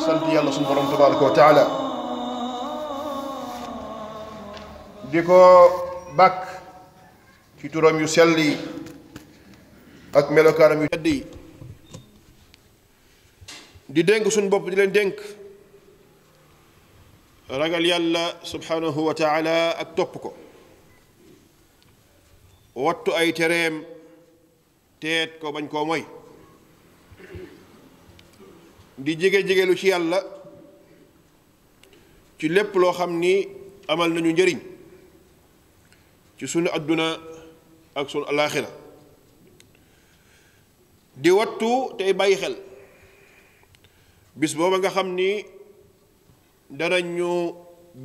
سنتي الله سبحانه تبارك وتعالى ديكو باك في تورم يسلي اك ملو كارم يدي دي دنك سن بوب دي لن دنك رجل يلا سبحانه وتعالى اك توبكو واتو اي تريم تيت كو بنكو موي di jege jegelu ci yàlla ci lépp loo xam ni amal nañu njëriñ ci sunu àdduna ak sunu alaaxira di wattu tey bàyyi xel bis booba nga xam ni dana ñu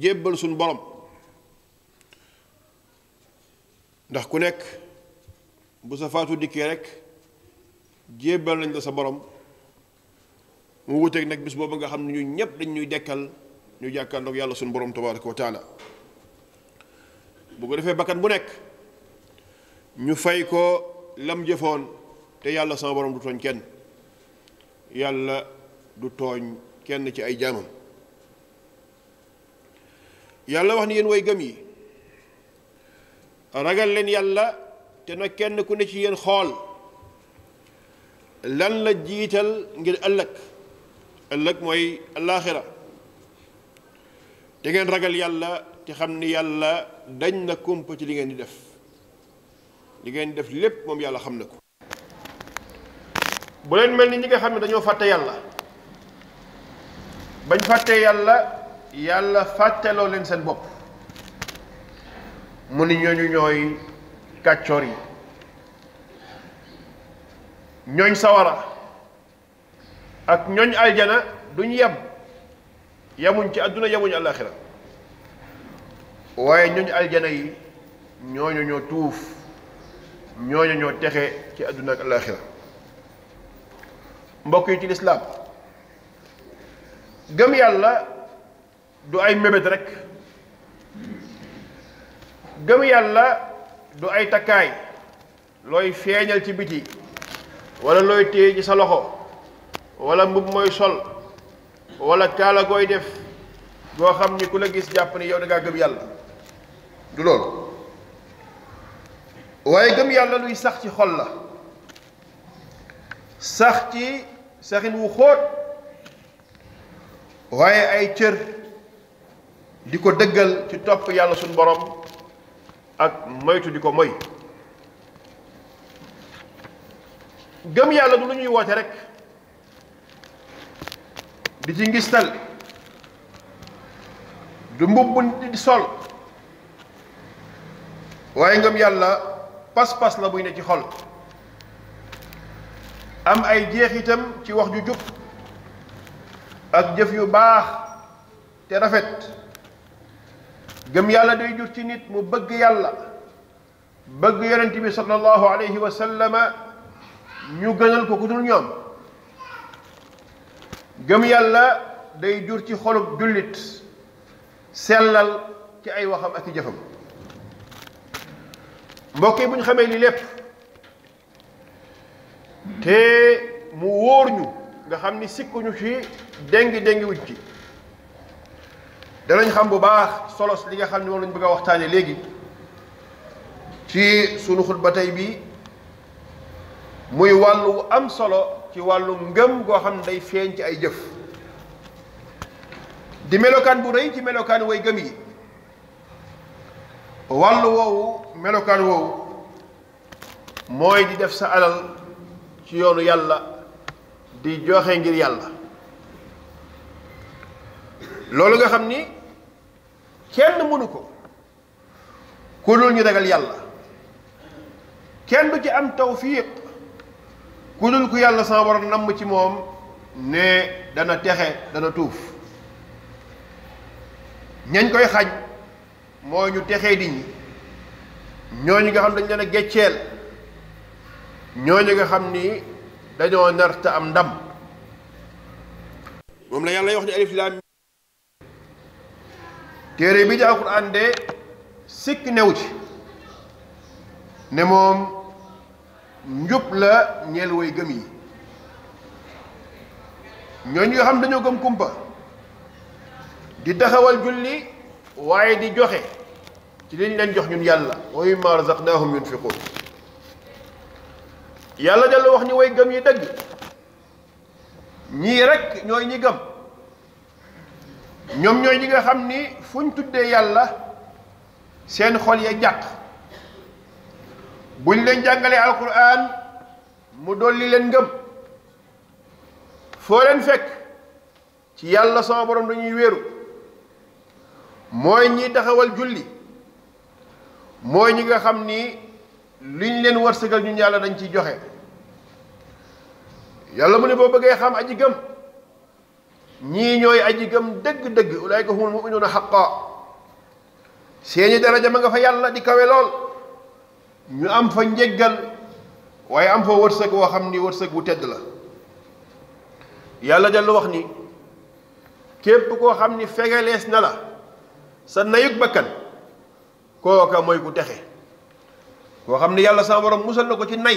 jébbal sunu borom ndax ku nekk bu sa faatu dikkee rekk jébbal nañ la sa borom mu wuteeg nag bis boobu nga xam ne ñu ñëpp dañ ñuy dekkal ñu jàkkaarloog yàlla suñu borom tabaraka wa taala bu ko defee bakkan bu nekk ñu fay ko lam jëfoon te yàlla sama borom du tooñ kenn yàlla du tooñ kenn ci ay jaamam yàlla wax ni yéen way gëm yi ragal leen yàlla te na kenn ku ne ci yéen xool lan la jiital ngir ëllëg ëllëg mooy allaaxira da ngeen ragal yàlla te xam ni yàlla dañ na kumpa ci li ngeen di def li ngeen di def lépp moom yàlla xam na ko bu leen mel ni ñi nga xam ne dañoo fàtte yàlla bañ fàttee yàlla yàlla fàtteloo leen seen bopp mu ni ñooñu ñooy kàccoor yi ñooñ sawara ak ñooñ aljana duñ yem yemuñ ci àdduna yemuñ àllaaxira waaye ñooñ aljana yi ñooñu ñoo tuuf ñooñu ñoo texe ci àdduna ak àllaaxira mbokk yi ci lislaam gëm yàlla du ay mébét rekk gëm yàlla du ay takkaay looy feeñal ci biti walla looy téye ci sa loxo wala mbubb mooy sol wala kaala gooy def goo xam ni ku la gis jàpp ni yow da gëm yàlla du loolu waaye gëm yàlla luy sax ci xol la sax ci saxin wu xóot waaye ay cër di ko dëggal ci topp yàlla suñ borom ak moytu di ko moy gëm yàlla du lu ñuy woote rek di ci ngistal du mbubb di sol waaye ngëm yàlla pas-pas la buy ne ci xol am ay jeexitam ci wax ju jub ak jëf yu baax te rafet gëm yàlla day jur ci nit mu bëgg yàlla bëgg yonent bi sallallahu alayhi wa sallama ñu gënal ko ku dul ñoom gëm yàlla day jur ci xolub jullit sellal ci ay waxam ak i jëfam mbokk bu ñu xamee lii lépp te mu wóor ñu nga xam ni sikkuñu ci déngi déngi wuñ ci danañ xam bu baax solos li nga xam ne moom lañ bëgg a waxtaane léegi ci sunu ba tey bii muy wu am solo ci wàllu ngëm goo xam ne day feeñ ci ay jëf di melokaan bu rëy ci melokaan woy gëm yi wàllu woowu melokaan woowu mooy di def sa alal ci yoonu yàlla di joxe ngir yàlla loolu nga xam ni kenn mënu ko ku dul ñu ragal yàlla kenn du ci am tawfiq ku ku yàlla sama borom namm ci moom ne dana texe dana tuuf ñañ koy xañ moo ñu texee di ñi ñooñu nga xam dañ leen a gecceel ñooñu nga xam ni dañoo nar te am ndam moom la yàlla wax ni alif laam téere bi di alquran de new ci ne moom njub la ñeel way gëm yi ñooñu nga xam dañoo gëm kumpa di taxawal julli waaye di joxe ci liñ leen jox ñun yàlla wa mimmaa razaqnaahum yunfiquun yàlla dellu wax ni way gëm yi dëgg ñii rekk ñooy ñi gëm ñoom ñooy ñi nga xam ni fuñ tuddee yàlla seen xol ya jàq buñ leen jàngalee alquran mu dolli leen ngëm foo leen fekk ci yàlla sama borom dañuy wéeru mooy ñi taxawal julli mooy ñi nga xam ni liñ leen wërsëgal ñu yàlla dañ ciy joxe yàlla mu ne boo bëggee xam aji gëm ñii ñooy aji gëm dëgg-dëgg ulaayka humul muminuuna xaqa seeni daraja ma nga fa yàlla di kawe lool ñu am fa njëggal waaye am fa wërsëg woo xam ni wërsëg wu tedd la yàlla dellu wax ni képp koo xam ni fegalees na la sa nayug bakkan kooka mooy ku texe koo xam ni yàlla sama borom musal na ko ci nay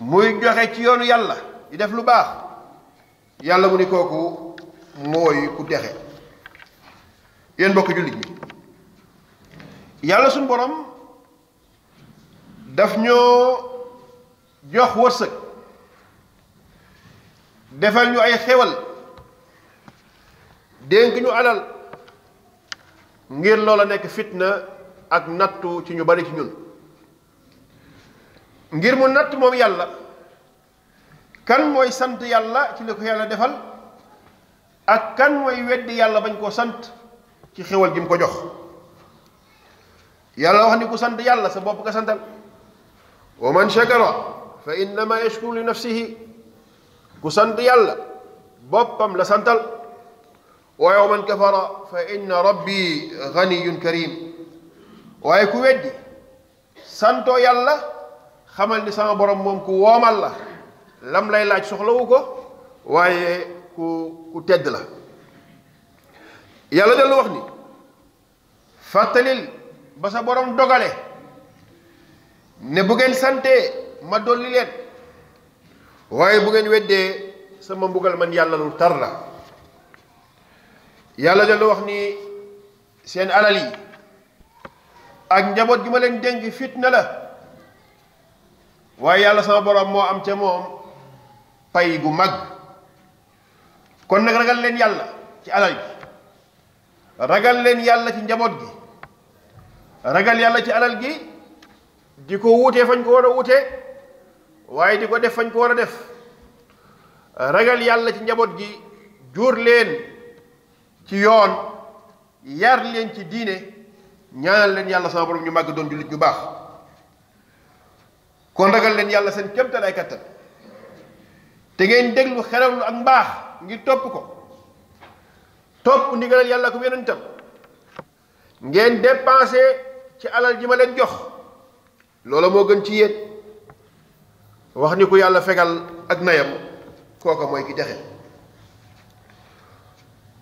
muy joxe ci yoonu yàlla di def lu baax yàlla mu ni kooku mooy ku texe yéen mbokk jullit ñi yàlla suñ boroom daf ñoo jox wërsëg defal ñu ay xewal dénk ñu alal ngir loola nekk fitna ak nattu ci ñu bari ci ñun ngir mu natt moom yàlla kan mooy sant yàlla ci li ko yàlla defal ak kan mooy weddi yàlla bañ koo sant ci xewal gi mu ko jox yàlla wax ni ku sant yàlla sa bopp nga santal wa man shakara fa innama li nafsihi ku sant yàlla boppam la santal waaye wa man kafara fa rabbi ganiyun karim waaye ku weddi santo yàlla xamal ni sama borom moom ku woomal la lam lay laaj soxlawu ko waaye ku ku tedd la yàlla dellu wax ni fàttalil ba sa borom dogale ne bu ngeen sante ma dolli leen waaye bu ngeen weddee sama mbugal man yàlla lu tar la yàlla dellu wax ni seen alal yi ak njaboot gi ma leen dénk fitna la sama borom am pay gu mag kon nag ragal leen yàlla ci alal ragal leen yàlla ci njaboot gi ragal yàlla ci alal gi di ko wuutee fañ ko wara a wuutee waaye ko def fañ ko wara def ragal yàlla ci njaboot gi jur leen ci yoon yar leen ci diine ñaanal leen yàlla sama borom ñu màgg doon julit ñu baax kon ragal leen yàlla seen kémtal ay kattan te ngeen déglu xelam ak mbaax ngir topp ko topp ndigalal yàlla ko yonentam ngeen dépenser ci alal ji ma leen jox loola moo gën ci yéen wax ni ku yàlla fegal ak nayam kooka mooy ki texe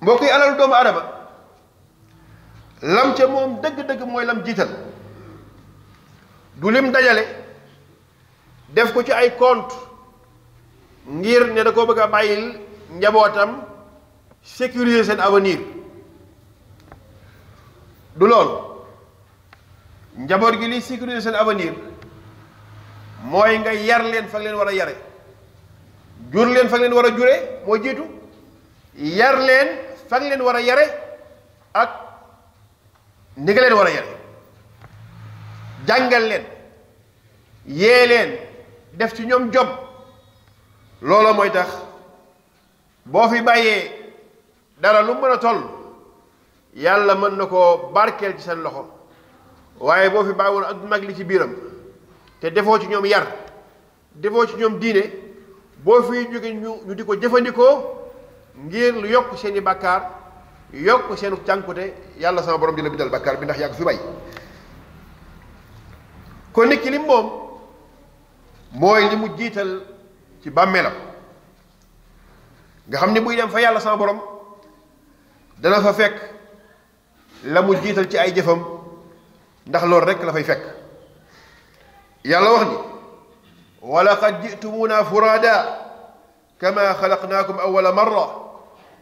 mbokk yi alalu doomu adama lam ca moom dëgg-dëgg mooy lam jiital du lim dajale def ko ci ay compte ngir ne da koo bëgg a bàyyil njabootam sécuriser seen avenir du loolu njaboot gi liy sécuriser seen avenir mooy nga yar leen fa leen war a yare jur leen fa leen war a jure moo jiitu yar leen fa leen war a yare ak ni leen war a yare jàngal leen yee leen def ci ñoom job loolu mooy tax boo fi bàyyee dara lu mën a toll yàlla mën na ko barkeel ci seen loxo waaye boo fi bàyyiwoon ak mag li ci biiram te defoo ci ñoom yar defoo ci ñoom diine boo fi jóge ñu ñu di ko jëfandikoo ngir lu yokk seeni i bàkkaar yokk seenu cànkute yàlla sama borom di la bindal bi ndax yàgg fi bay kon nit lim moom li mu jiital ci bàmmeelam nga xam ni buy dem fa yàlla sama borom dana fa fekk la mu jiital ci ay jëfam ndax loolu rek la fay fekk yàlla wax ni wa laqad ji'tumuuna furaada kama xalaqnaakum awwala marra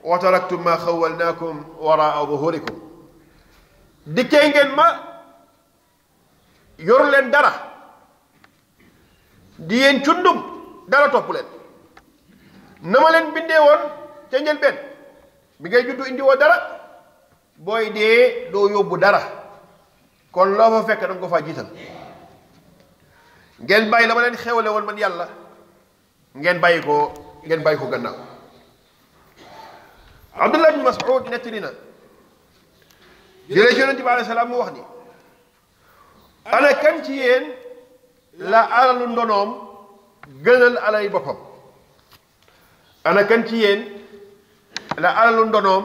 wa taraktum ma xawwalnaakum waraa zuhurikum dikkee ngeen ma yoru leen dara di yéen cundum dara topp leen na ma leen bindee woon ca njëlbeen bi ngay juddu indi woo dara booy dee doo yóbbu dara kon lo fa fekk dang ko fa jital ngeen bàyyi lama len leen xewale woon man yàlla ngeen bàyyi ko ngeen bàyyi ko gannaaw abdullah ibn mas'ud netrina jere jere ci yonente salam wax ni ana kan ci yéen la alalu ndonom gënal alay bopam ana kan ci yéen la alalu ndonom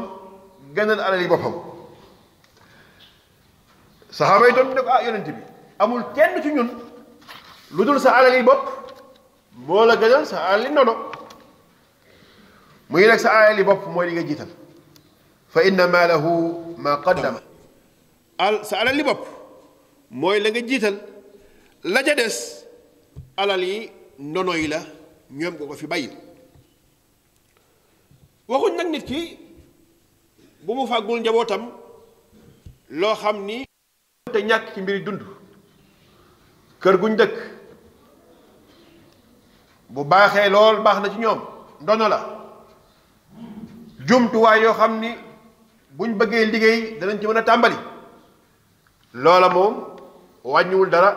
gënal alay bopam saxaaba yi doon ne ko ah yonent bi amul kenn ci ñun lu dul sa alal yi bopp moo la gënal sa alal yi nono muy nag sa alal yi bopp mooy li nga jiital fa inna maalahu ma qaddama al sa alal yi bopp mooy la nga jiital la ca des alal yi nono yi la ñoom nga ko fi bàyyil waxuñ nag nit ki bu mu fàggul njabootam loo xam ni te ñàkk ci mbiri dund kër guñ dëkk bu baaxee lool baax na ci ñoom ndono la jumtuwaay yoo xam ni buñ bëggee liggéey danañ ci mën a tàmbali loola moom wàññiwul dara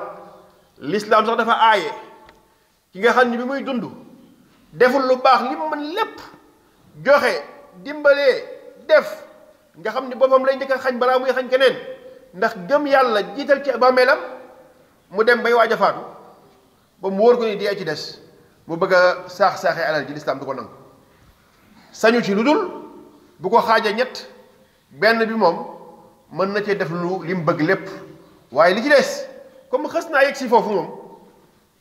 lislaam sax dafa aaye ki nga xam ni bi muy dund deful lu baax li mu mën lépp joxe dimbalee def nga xam ni boppam lay njëkk a xañ balaa muy xañ keneen ndax gem yàlla jiital ci bàmmeelam mu dem bay waaj a faatu ba mu wóor ko ni dee ci des mu bëgg a saax saaxee alal ji lislaam du ko nangu sañu ci lu dul bu ko xaaja ñett benn bi moom mën na cee def lu lim bëgg lépp waaye li ci des comme xës naa yegg si foofu moom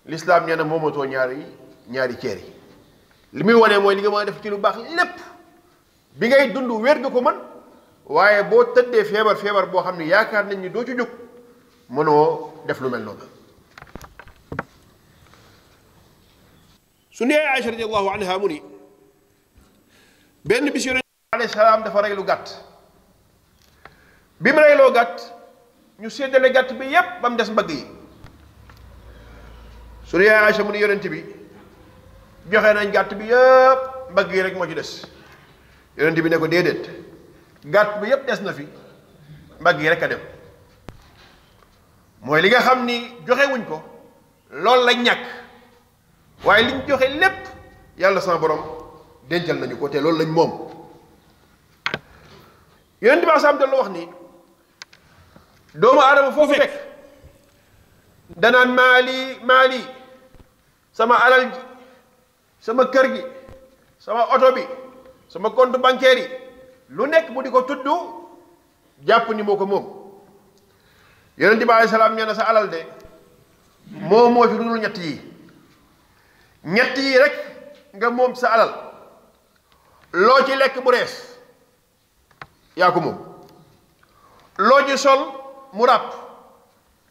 lislaam nee ñaari ñaari ceer yi li muy wane mooy li nga mën a def ci lu baax lépp bi ngay dund wér nga ko mën waaye boo tëddee feebar feebar boo xam ne yaakaar nañ ni doo ci jóg mënoo def lu mel noonu su nee Aïcha radiallahu anha mu ni benn bis yonent alayhi lu gàtt bi mu reyloo gàtt ñu séddale gàtt bi yépp ba mu des mbagg yi su nee Aïcha mu bi joxe nañ gàtt bi yépp mbagg yi rek moo ci des yonent bi ne ko déedéet Gat bi yépp des na fi mbagg yi rek a dem mooy li nga xam ni joxe wuñ ko loolu la ñàkk waaye liñ joxe sama borom dencal nañu ko te loolu lañ moom yonent bi asaam dal wax ni doomu aadama foofu fekk danaan Mali, sama alal sama kër gi sama oto bi sama compte bancaire lu nekk mu di ko tudd jàpp ni moo ko moom yonent bi alei salaam sa alal de moo moo fi dul ñett yi ñett yi rek nga moom sa alal loo ci lekk bu rees yaa ko moom loo ci sol mu ràpp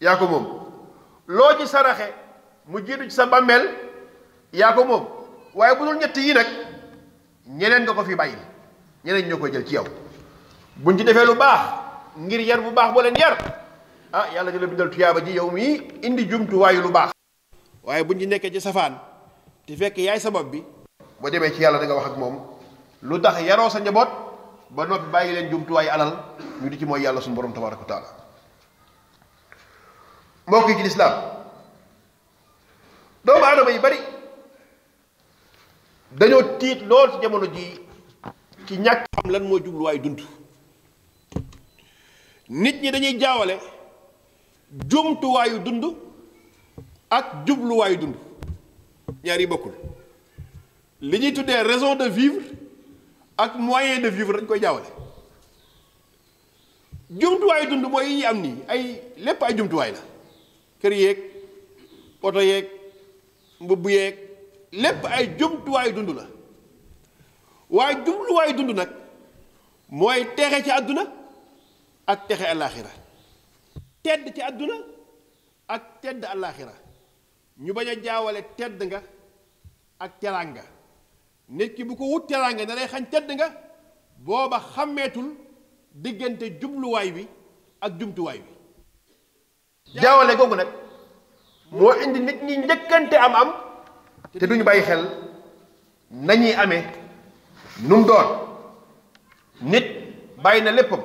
yaa ko moom loo ci saraxe mu jiitu ci sa bàmmeel yaa ko bu dul yi ñeneen nga ko fi ñeneen ñoo koy jël ci yow buñ ci defee lu baax ngir yar bu baax boo leen yar ah yàlla dina bindal tuyaaba ji yow mii indi jumtuwaayu lu baax waaye buñ ci nekkee ci safaan te fekk yaay sabab bi boo demee ci yàlla da nga wax ak moom lu tax yaroo sa njaboot ba noppi bàyyi leen jumtuwaay alal ñu di ci mooy yàlla suñu borom tabaraka taala mbokk ci lislaam doomu aadama yi bari dañoo tiit lool ci jamono jii ci ñàkk am lan moo jubluwaay dund nit ñi dañuy jaawale jumtuwaayu dund ak jubluwaayu dund ñaar yi bokkul li ñuy tuddee réseau de vivre ak moyen de vivre dañ koy jaawale jumtuwaayu dund mooy yi am ni ay lépp ay jumtuwaay la kër yeeg oto yeeg mbubb yéeg lépp ay jumtuwaayu dund la waaye jubluwaay dund nag mooy texe ci àdduna ak texe alaaxira tedd ci àdduna ak tedd alaaxira ñu bañ a jaawale tedd nga ak teraanga nit ki bu ko wut teraanga ne lay xañ tedd nga booba xàmmeetul diggante jubluwaay bi ak jumtuwaay bi jaawale googu nag moo indi nit ñi njëkkante am am te duñu bàyyi xel nañuy amee nu doon nit bàyyi na léppam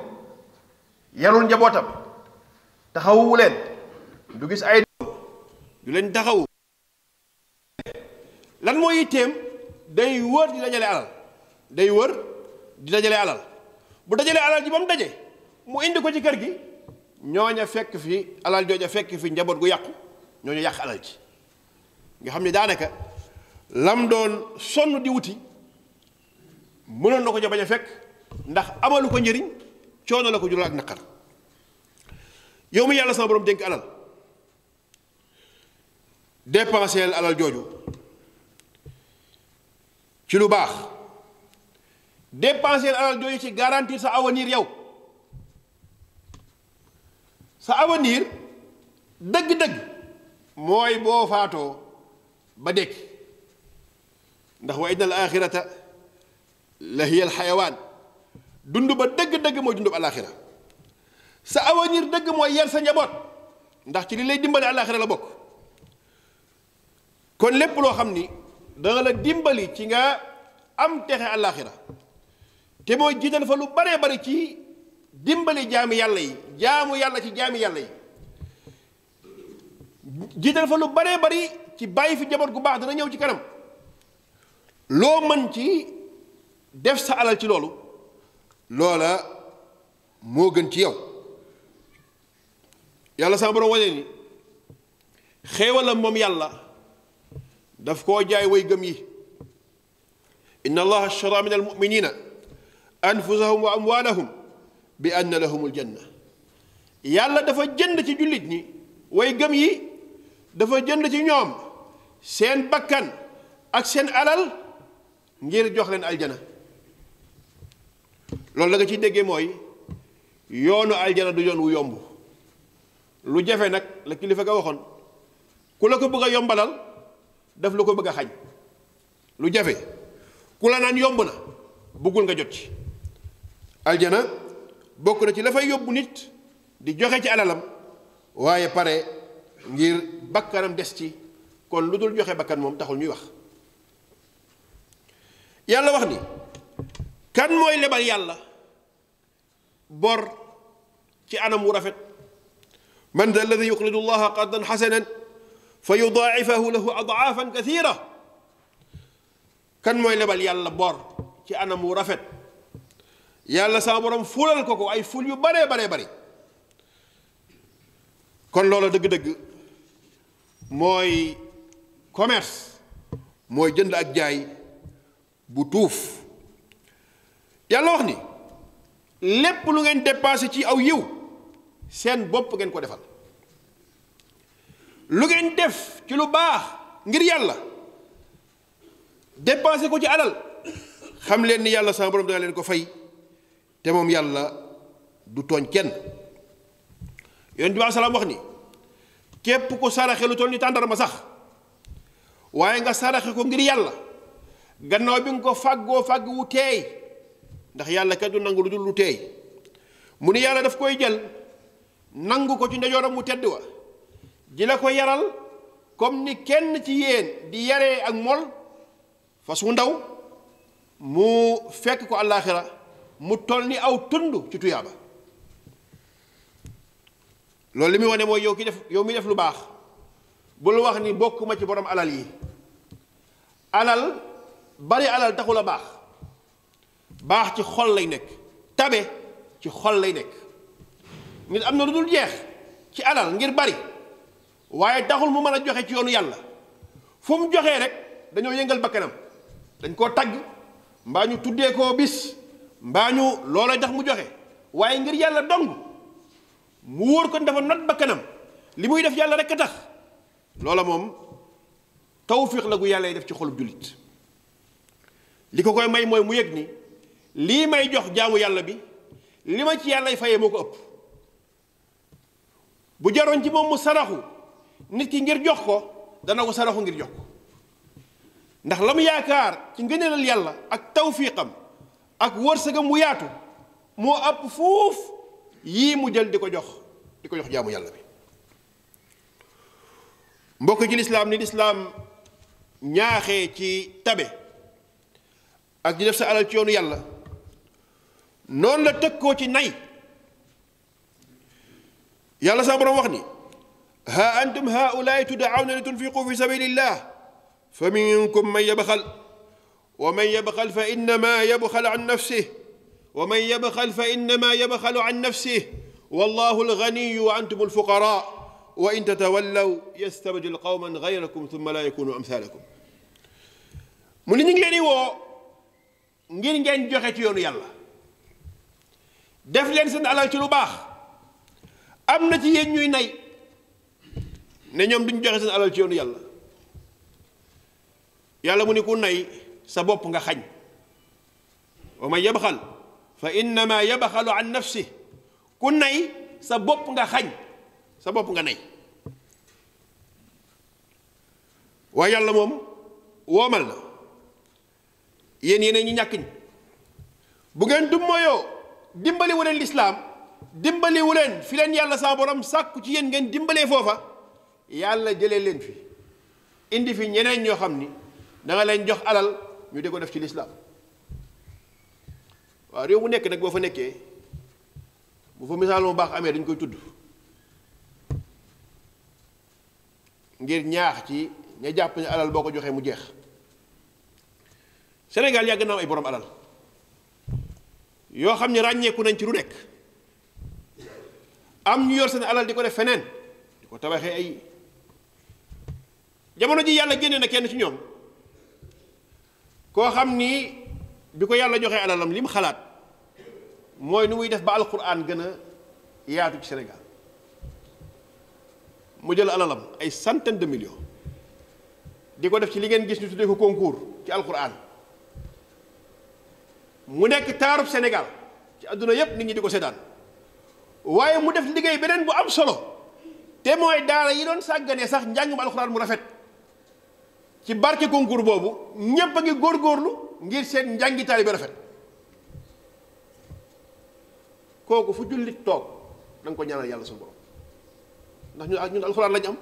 yarul njabootam taxawu leen du gis ay du leen taxawu lan moo yitteem day wër di dajale alal day wër di dajale alal bu dajalee alal ji ba mu daje mu indi ko ci kër gi ñooña fekk fi alal jooja fekk fi njaboot gu yàqu nyonya yàq alal ji nga xam ne daanaka lam doon sonn di wuti mënoon na ko ca bañ a fekk ndax amalu ko njëriñ coono la ko jural ak naqar yow mi yàlla sama borom dénk alal dépenseel alal jooju ci lu baax dépenseel alal jooju ci garantir sa avenir yow sa avenir dëgg-dëgg mooy boo faatoo ba dekk ndax wa inna al axirata la hiyal xayawaan dund ba dëgg-dëgg mooy dund ba alaaxira sa avenir dëgg mooy yar sa njaboot ndax ci li lay dimbali alaaxira la bokk kon lépp loo xam ni danga la dimbali ci nga am texe alaaxira te mooy jiital fa lu baree bari ci dimbali jaami yàlla yi jaamu yàlla ci jaami yàlla yi jiital fa lu baree bari ci bàyyi fi njaboot gu baax dana ñëw ci kanam loo mën ci def sa alal ci loolu loola moo gën ci yow yàlla sama borom wane ni xéewalam moom yàlla daf koo jaay way gëm yi inna allaha ashtara min almuminina anfusahum wa amwalahum bi anna lahum aljanna yàlla dafa jënd ci jullit ñi way gëm yi dafa jënd ci ñoom seen bakkan ak seen alal ngir jox leen aljana loolu la nga ciy déggee mooy yoonu aljana du yoon wu yomb lu jafe nag la kilifa ga waxoon ku la ko bëgg a yombalal daf lu ko bëgg a xañ lu jafe ku la naan yomb na bëggul nga jot ci aljana bokk na ci la fay yóbbu nit di joxe ci alalam waaye pare ngir bakkanam des ci kon lu dul joxe bakkan moom taxul ñuy wax yàlla wax ni kan mooy lebal yàlla بر كي أنا مرافق من ذا الذي يقرض الله قرضا حسنا فيضاعفه له أضعافا كثيرة كان ما يلبل يلا بر كي أنا مرافق يلا سامورم فول الكوكو أي فول يو بري بري بري كن لولا دق دق موي كوميرس موي جند أجاي بوتوف يلا وخني lépp lu ngeen dépassé ci aw yiw seen bopp ngeen ko defal lu ngeen def ci lu baax ngir yàlla dépassé ko ci alal xam leen ni yàlla sama borom dana leen ko fay te moom yàlla du tooñ kenn yonent bi salaam wax ni képp ku saraxe lu toll ni tàndarma sax waaye nga saraxe ko ngir yàlla gannaaw bi nga ko fàggoo fàgg wu teey ndax yàlla kat du nangu lu dul lu teey mu ni yàlla daf koy jël nangu ko ci ndeyooram mu tedd wa di la ko yaral comme ni kenn ci yéen di yare ak mol fas wu ndaw mu fekk ko àllaaxira mu toll ni aw tund ci tuyaaba loolu li muy wane mooy yow ki def yow mi def lu baax bul wax ni bokk ma ci borom alal yi alal bari alal taxul a baax baax ci xol lay nekk tabe ci xol lay nekk nit am na lu dul jeex ci alal ngir bari waaye taxul mu mën a joxe ci yoonu yàlla fu mu joxee rek dañoo yëngal bakkanam dañ koo tagg mbaa ñu tuddee koo bis mbaa ñu loolay tax mu joxe waaye ngir yàlla dong mu wóor ko dafa not bakkanam li muy def yàlla rek a tax loola moom tawfiq la gu yàlla def ci xolub julit li ko koy may mooy mu yëg ni lii may jox jaamu yàlla bi li ma ci yàllay fayee moo ko ëpp bu jaroon ci moom mu saraxu nit ki ngir jox ko dana ko saraxu ngir jox ko ndax la mu yaakaar ci ngëneelal yàlla ak tawfiqam ak wërsëgam bu yaatu moo ëpp fuuf yii mu jël di ko jox di ko jox jaamu yàlla bi mbokk ci lislaam ni lislaam ñaaxee ci tabe ak di def sa alal ci yoonu yàlla noonu la tëkkoo ci nay yàlla saa borom wax ni haa antum haulaai tudaawna li tunfiqu fi sabilillah fa minkum man yabxal wa man yabxal fa innama yabxalu an nafsih wa man yabxal fa innama yabxalu an nafsih wallahu alganiyu wa antum alfuqara wa in tatawallaw yastabdil qawman gayrakum thumma la yakunu amthalakum mu ni ñu ngi leen di woo ngir ngeen joxe ci yoonu yàlla def leen seen alal ci lu baax am na ci yéen ñuy nay ne ñoom duñ joxe seen alal ci yoonu yàlla yàlla mu ni ku nay sa bopp nga xañ wa man yabxal fa innama yabxalu an nafsi ku nay sa bopp nga xañ sa bopp nga nay waaye yàlla moom woomal na yéen yéen ñu ñàkk bu ngeen dum mooyoo dimbali leen lislaam dimbali wu leen fi leen yàlla saa borom sàkku ci yéen ngeen dimbalee foofa yàlla jële leen fi indi fi ñeneen ñoo xam ni da leen jox alal ñu de ko def ci lislaam waaw réew mu nekk nag boo fa nekkee bu fa misaal mu baax amee dañ koy tudd ngir ñaax ci ña jàpp ne alal boo ko joxee mu jeex senegal yàgg na am ay borom alal yoo xam ne ràññeeku nañ ci lu nekk am ñu yor seen alal di ko def feneen di ko tabaxee ay jamono ji yàlla génne na kenn ci ñoom koo xam ni bi ko yàlla joxee alalam li xalaat mooy nu muy def ba alquran gën a yaatu ci senegal mu jël alalam ay centaine de million di ko def ci li ngeen gis ñu tuddee ko concours ci alquran mu kita harus sénégal ci àdduna yépp nit ñi di ko seetaan waaye mu def liggéey beneen bu am solo te mooy daara yi doon sàgganee sax njàngum alxuraan mu rafet ci barke concours boobu ñépp a ngi góorgóorlu ngir seen njàngi taalibe rafet kooku fu jullit toog da nga ko ñaanal yàlla suñu borom ndax ñun ñun alxuraan lañ am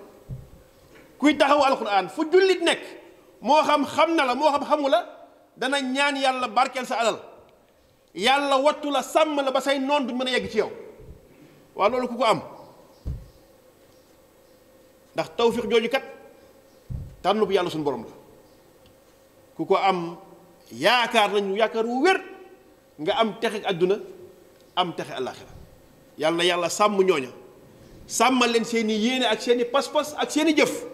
kuy taxaw alxuraan fu jullit nekk moo xam la moo xam xamu dana ñaan sa alal yàlla wattu la sàmm la ba say noon duñ mën a yegg ci yow waaw loolu ku ko am ndax tawfiq jooju kat tànn bu yàlla suñ borom la ku ko am yaakaar nañu yaakaar wu wér nga am texe àdduna am texe àllaaxira yàlla na yàlla sàmm ñooña sàmmal leen seeni yéene ak seeni pas-pas ak seeni jëf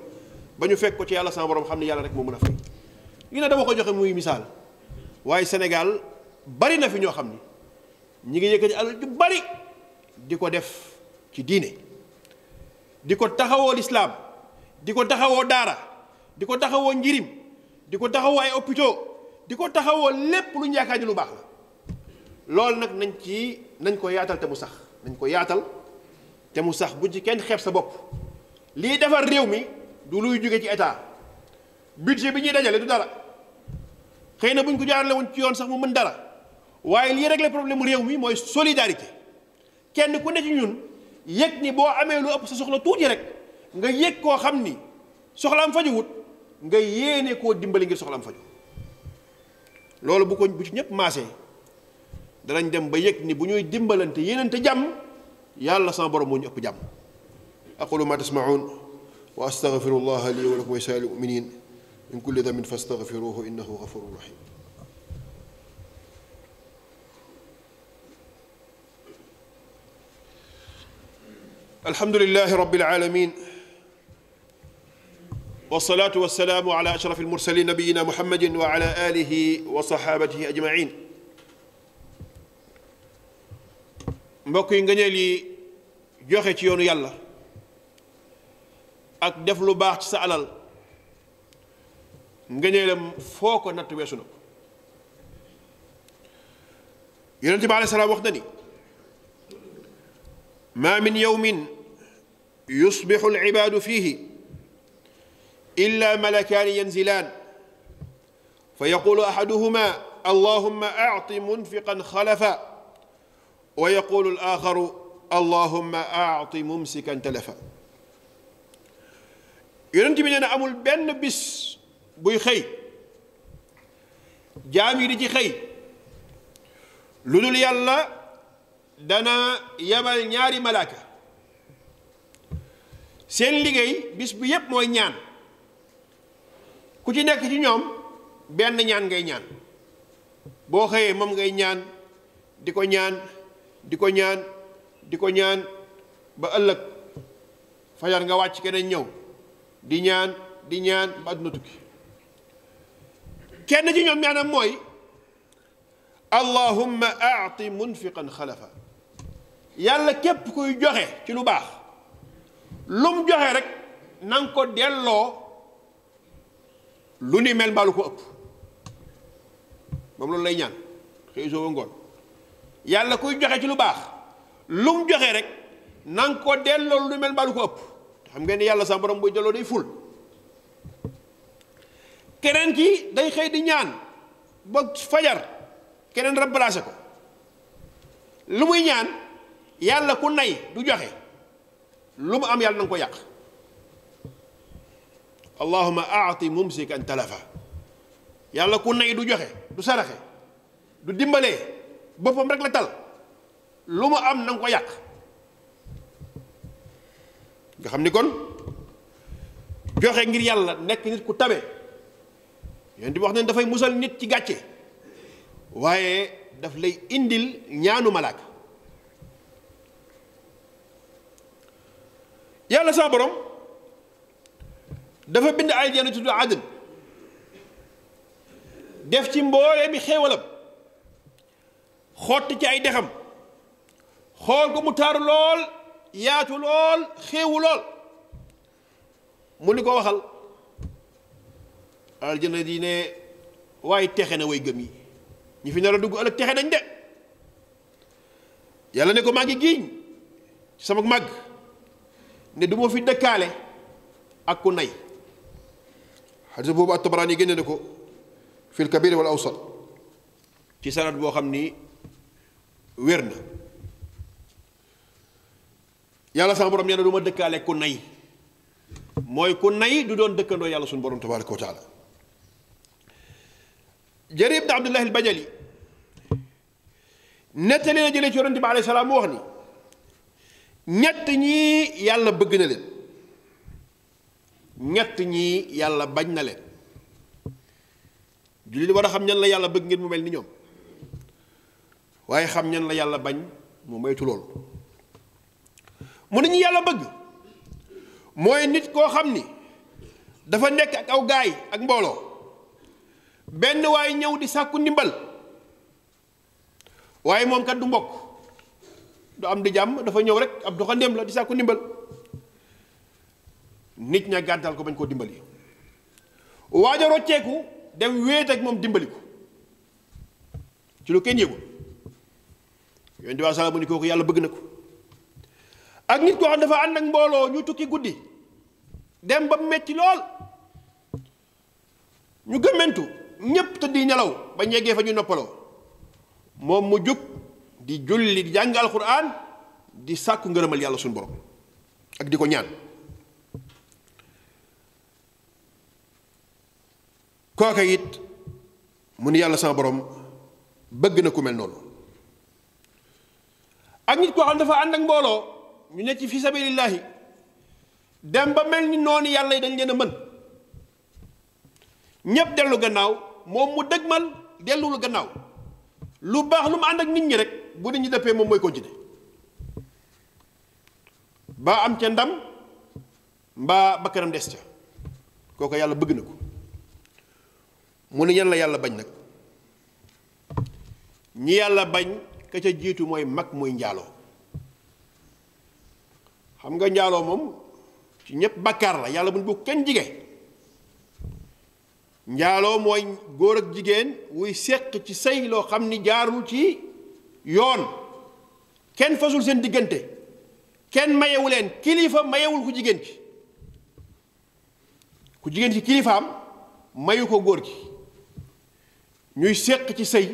ba ñu fekk ko ci yàlla sama borom xam ne yàlla rek moo mën a fay. lii nag dama ko joxe muy misaal waaye Sénégal. bari na fi ñoo xam ni ñi ngi yëkkati alal ju bari di def ci diine di ko taxawoo lislaam di ko taxawoo daara di ko taxawoo njirim di ko taxawoo ay hôpitaux di ko taxawoo lépp lu ñu yaakaar ni lu baax la loolu nag nañ ci nañ ko yaatal te mu sax nañ ko yaatal te mu sax bu ci kenn xeeb sa bopp lii defar réew mi du luy jóge ci état budget bi ñuy dajale du dara xëy na buñ ko jaarale woon ci yoon sax mu mën dara waaye lii régler problème réew mi mooy solidarité kenn ku ne ci ñun yëg ni boo amee lu ëpp sa soxla tuuti rek nga yëg koo xam ni soxlaam fajuwut nga yéene koo dimbali ngir soxlaam faju loolu bu ko bu ci ñëpp maasee danañ dem ba yëg ni bu ñuy dimbalante yéenante jàmm yàlla sama borom moo ñu ëpp jàmm aqulu ma tasmaun wa astaghfirullaha li wa lakum wa saa'il mu'minin min kulli dhanbin fastaghfiruhu innahu ghafurur rahim الحمد لله رب العالمين والصلاة والسلام على أشرف المرسلين نبينا محمد وعلى آله وصحابته أجمعين mbokk yi ngëneel yi joxe ci yoonu yàlla ak def lu baax ci sa alal ngëneelam foo ko natt weesu na ko yonente bi alei salaam wax na ni ma min yawmin يصبح العباد فيه إلا ملكان ينزلان فيقول أحدهما اللهم أعط منفقا خلفا ويقول الآخر اللهم أعط ممسكا تلفا yonent من أن na amul بس بوي خي جامي jaam خي di ci دنا lu نياري ملاكه seen liggéey bis bu yépp mooy ñaan ku ci nekk ci ñoom benn ñaan ngay ñaan boo xëyee moom ngay ñaan di ko ñaan di ko ñaan di ko ñaan ba ëllëg fajar nga wàcc keneen ñëw di ñaan di ñaan ba àdduna tukki kenn ci ñoom ñaanam mooy allahumma aati munfiqan xalafa yàlla képp kuy joxe ci lu baax lu joxe rek na nga ko delloo lu ni mel mbaalu ko ëpp moom loolu lay ñaan xëy soo ngoon yàlla kuy joxe ci lu baax lu joxe rek na nga ko delloo lu mel mbaalu ko ëpp xam ngeen yàlla sa borom buy delloo day ful keneen ki day xëy di ñaan ba fajar keneen remplacé ko lu muy ñaan yàlla ku nay du joxe lu mu am yàlla na ko yàq allahuma aati mumsikan talafa yàlla ku nay du joxe du saraxe du dimbalee boppam rek la tal lu mu am na ko yàq nga xam ni kon joxe ngir yàlla nekk nit ku tabe yéen di wax ne dafay musal nit ci gàcce waaye daf lay indil ñaanu malaaka يا صبرم دا فا بند اي ديانا تدو عدل ديف تي مبول بي خيولم خوت تي اي دخم خول لول ياتو لول خيو لول مولي كو وخال الجنة دينة واي تخنا واي جمي ni fi nara dugg ëlëk texe nañ de yàlla ne ko ne du ma fi dëkkaale ak ku nay xadis boobu at-Tabarani génne na ko fil kabir wal awsat ci sanad boo xam ni wér na yàlla sama borom nee na du ma dëkkaale ku nay mooy ku nay du doon dëkkandoo yàlla suñu borom tabaraka wa taala Jarir ibn Abdullah al-Bajali nettali na jëlee ci yonente bi salaam wax ni ñett ñii yàlla bëgg na leen ñett ñii yàlla bañ na leen jullit war a xam ñan la yàlla bëgg ngeen mu mel ni ñoom waaye xam ñan la yàlla bañ mu moytu loolu mu ne ñu yàlla bëgg mooy nit koo xam ni dafa nekk ak aw gaay ak mbooloo benn waaye ñëw di sàkku ndimbal waaye moom kat du mbokk du am di jam dafa ñëw rek ab doxandeem la di sàkku ndimbal nit ña gàntal ko bañ koo dimbali waaja rocceeku dem wéet ak moom dimbali ko ci lu kenn yëgul yonte waa salaam mu ni kooku yàlla bëgg na ko ak nit koo xam dafa ànd ak mbooloo ñu tukki guddi dem ba metti lool ñu gëmmentu ba fa ñu noppaloo moom mu di julli di jàng alquran di sàkku ngërëmal yàlla suñu borom ak di ko ñaan kooka it mu ni yàlla sama borom bëgg na ku mel noonu ak nit koo xam dafa ànd ak mbooloo ñu ne ci fi sabilillahi dem ba mel ni noonu yàlla yi dañ leen a mën ñëpp dellu gannaaw moom mu dëgmal dellu gannaaw lu baax lu mu ànd ak nit ñi rek bu nit ñi dëppee moom mooy continuer ba am ca ndam mbaa bakkanam des ca kooku yàlla bëgg na ko mu ne ñan la yàlla bañ nag ñi yàlla bañ ka ca jiitu mooy mag mooy njaaloo xam nga njaaloo moom ci ñépp bakkaar la yàlla bu ne bu kenn jige njaaloo mooy góor ak jigéen wuy seq ci sëy loo xam ni jaarul ci yoon kenn fasul seen diggante kenn mayewu leen kilifa mayewul ku jigéen ki ku jigéen ki kilifaam mayu ko góor gi ñuy séq ci sëy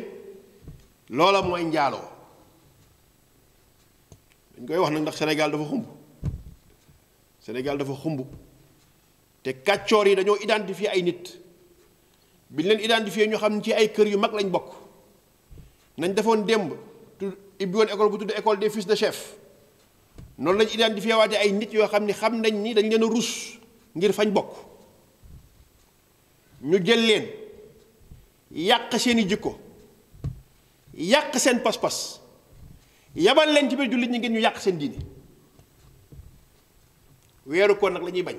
loola mooy njaaloo dañ koy wax nag ndax Sénégal dafa xumb Sénégal dafa xumb te kàccoor yi dañoo identifier ay nit bi ñu leen identifier ñu xam ne ci ay kër yu mag lañ bokk nañ defoon démb ibbi woon école bu tudd école des fils de chef noonu lañ identifié waate ay nit yo xam ni xam nañ ni dañ leen rus ngir fañ bok ñu jël leen yàq seeni jikko yak seen pas-pas yabal leen ci biir jullit ñi ngeen ñu yàq seen diine weeru koor nag la ñuy bañ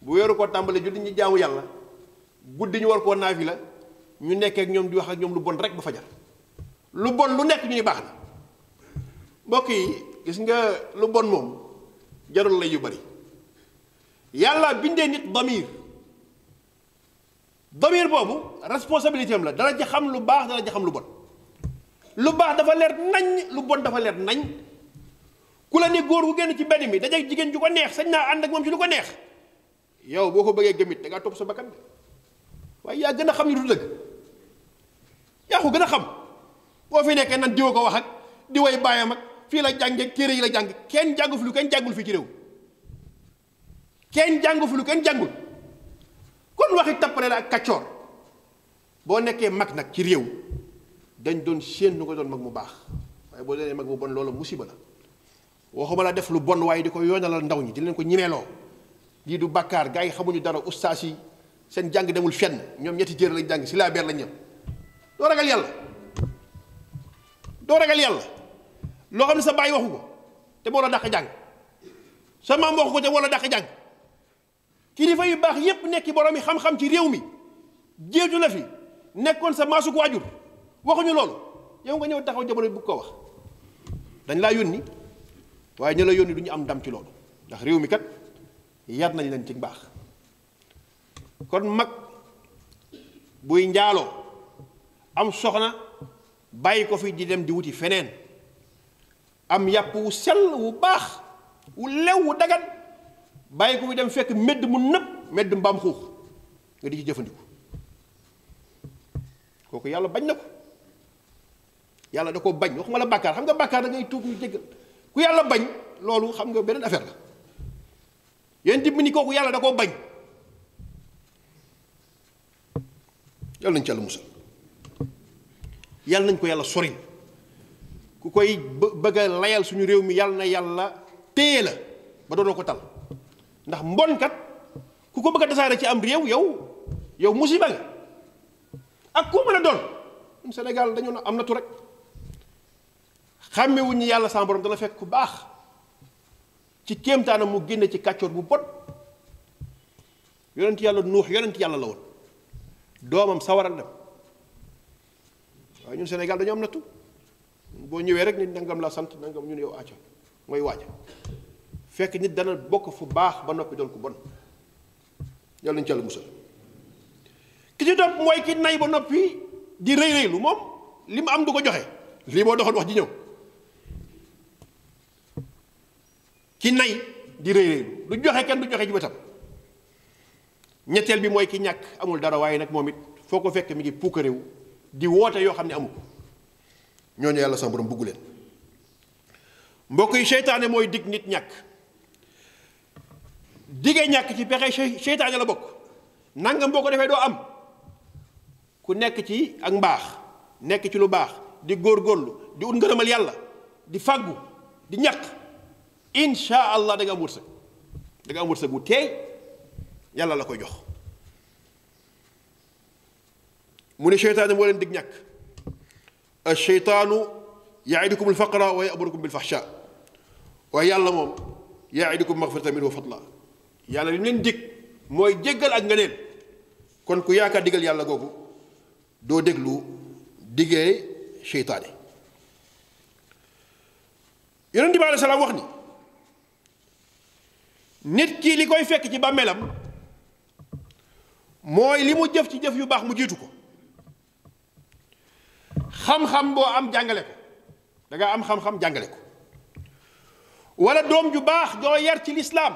bu weeru koor tàmbalee jullit ñi jaamu yàlla guddi ñu war koo naafi la ñu nekk ak ñoom di wax ak ñoom lu bon rek ba fajar lu bon lu nekk ñuy baax na mbokk yi gis nga lu bon moom jarul la yu bari yàlla bindee nit damir damir boobu responsabilité am la dana ci xam lu baax dana ci xam lu bon lu baax dafa leer nañ lu bon dafa leer nañ ku la ne góor gu génn ci benn mi dajeeg jigéen ju ko neex sañ naa ànd ak moom ci lu ko neex yow boo ko bëggee gëmit da ngaa topp sa bakkan waaye yaa gën a xam ni du dëgg yaa ko gën a xam boo fi nekkee nan diwa ko wax ak di way bàyyam ak fii la jànge yi la jàng kenn jàngu fi lu kenn jàngul fi ci réew kenn jàngu fi lu kenn jàngul kon waxi tappale la ak kaccoor boo nekkee mag nag ci réew dañ doon seen du ko doon mag mu baax waaye boo doonee mag mu bon loolu musiba la waxuma la def lu bon waaye di ko yoonalal ndaw ñi di leen ko ñimeeloo lii du bàkkaar gars yi xamuñu dara ustaas yi seen jàng demul fenn ñoom ñetti jër la jàng si la beer lañ ñëw doo ragal yàlla doo ragal yàlla loo xam sa bàyyi waxu te moo la dàq jàng sa maam waxu te moo la dàq jàng kilifa yu baax yépp nekk borom yi xam-xam ci réew mi la fi nekkoon sa masuk wajur waxuñu loolu yow nga ñëw taxaw jamono bu ko wax dañ laa yónni waaye ñu la yónni am ndam ci loolu ndax kat nañ leen ci kon mak buy njaaloo am soxna bàyyi ko fi di dem di wuti feneen am yàpp wu sell wu baax wu lew wu dagan bàyyi ko fi dem fekk medd mu nëpp medd mbaam xuux nga di jëfandiku kooku yàlla bañ na ko yàlla da ko bañ waxuma la xam nga bàkkaar da ngay tuub ñu yàlla bañ loolu xam nga beneen affaire la yéen bi ni kooku yàlla da koo bañ yàlla nañ ci yàlla Yal nañ ko yàlla soril ku koy bëgg layal suñu réew mi yàlla na yàlla téye la ba doonoo ko tal ndax mbonkat ku ko bëgg a tasaare ci am réew yow yow musiba nga ak ku mën a doon sénégal dañu am natu rek xàmmewuñu yàlla sama borom dana fekk ku baax ci kéemtaanam mu génne ci bu bon yonent yàlla nuux yonent yàlla la woon doomam sawaral dem waaye ñun Sénégal dañu am nattu boo ñëwee rek nit nangam la sant nangam ñun yow acca mooy waaja fekk nit dana bokk fu baax ba noppi doon ku bon yàlla nañu ci yàlla musal ki ci topp mooy ki nay ba noppi di rëy rëylu moom li mu am du ko joxe lii moo doxoon wax ji ñëw ki nay di rëy rëylu du joxe kenn du joxe ji wetam ñetteel bi mooy ki ñàkk amul dara waaye nag moom it foo ko fekk mi ngi puukarewu di woote yoo xam ne amu ko ñooñu yàlla sama borom bugg leen mbokk yi seytaane mooy digg nit ñàkk digee ñàkk ci pexe seytaane la bokk nangam boo ko defee doo am ku nekk ci ak mbaax nekk ci lu baax di góor góorlu di ut ngërëmal yàlla di fàggu di ñàkk insha allah da nga am wërsëg da nga am wërsëg wu teey yàlla la koy jox mu ne seytaane moo leen dig ñàkk alseytaanu yaidukum alfaqra wa yamurukum bilfaxsha waaye yàlla moom yaidukum magfiratan minhu wa fadla yàlla li mu leen dig mooy jéggal ak nga neen kon ku yaakaar digal yàlla googu doo déglu diggee seytaane yonent bi aleyhi salaam wax ni nit kii li koy fekk ci bàmmeelam mooy li mu jëf ci jëf yu baax mu jiitu ko xam-xam boo am jàngale ko da nga am xam-xam jàngale ko wala doom ju baax joo yar ci lislaam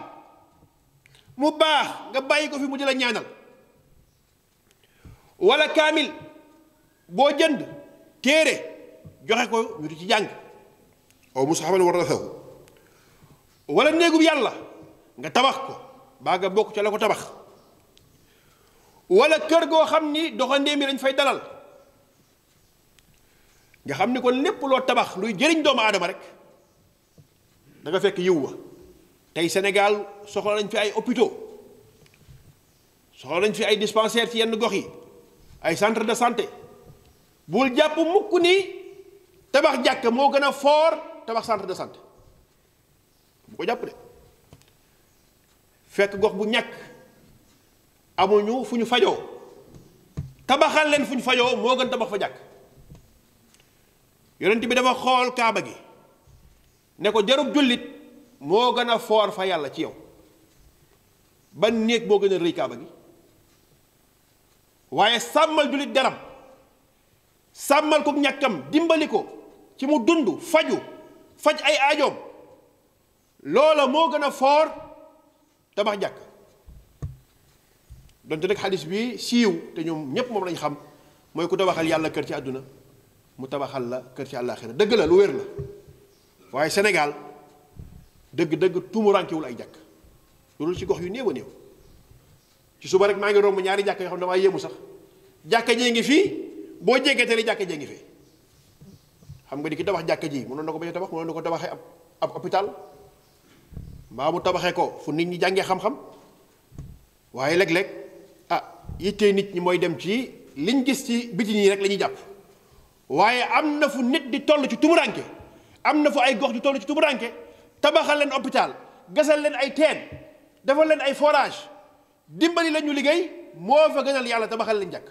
mu baax nga bàyyi ko fi mu di la ñaanal wala kaamil boo jënd téere joxe ko ñu di ci jàng aw mushafan warasahu wala néegub yàlla nga tabax ko baa nga bokk ca la ko tabax wala kër goo xam ni doxandéem yi dañ fay dalal nga xam ni kon lépp loo tabax luy jëriñ doomu aadama rek danga fekk yiw wa tey Sénégal soxla nañ fi ay hôpitaux soxla nañ fi ay dispensaires ci yenn gox yi ay centre de santé bul jàpp mukk ni tabax jàkk moo gën a foor tabax centre de santé bu ko jàpp de fekk gox bu ñàkk amuñu fu ñu fajoo tabaxal leen fu ñu fajoo moo gën tabax fa jàkk yonent bi dafa xool kaaba gi ne ko jarub jullit moo gën a foor fa yàlla ci yow ban néeg boo gën a rëy kaaba gi waaye sàmmal jullit deram sàmmal ko ñàkkam dimbali ko ci mu dund faju faj ay aajoom loola moo gën a foor tabax jàkk donte nag xadis bi siiw te ñoom ñépp moom lañ xam mooy ku tabaxal yàlla kër ci àdduna mu tabaxal la kër ci àllaaxira dëgg la lu wér la waaye Sénégal dëgg-dëgg tuumurankewul ay jàkk loolu ci gox yu néew néew ci suba rek maa ngi romb ñaari jàkk yoo xam ne yéemu sax jàkka jee ngi fii boo jegee li jàkka jee ngi fii xam nga di ki tabax jàkka ji mënoon na ko bañ a tabax mënoon na ko tabaxee ab ab hôpital mbaa mu tabaxee ko fu nit ñi jàngee xam-xam waaye léeg-léeg ah yittee nit ñi mooy dem ci liñ gis ci biti nii rek lañuy jàpp waaye am na fu nit di toll ci tumuranke am na fu ay gox di toll ci tumuranke tabaxal leen hôpital gasal leen ay teen defal leen ay forage dimbali la ñu liggéey moo fa gënal yàlla tabaxal leen jàkk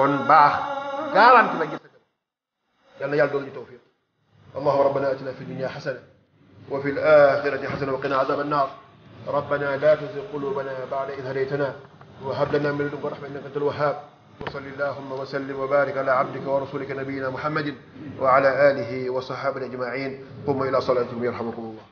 kon baax garanti la gis yalla yalla dool ñu tawfiq ربنا اتنا في الدنيا حسنه وفي الاخره حسنه وقنا عذاب النار ربنا لا تزغ قلوبنا بعد إذ هديتنا وهب لنا من لدنك رحمه انك انت الوهاب وصل اللهم وسلم وبارك على عبدك ورسولك نبينا محمد وعلى اله وصحبه اجمعين قوموا الى صلاتكم يرحمكم الله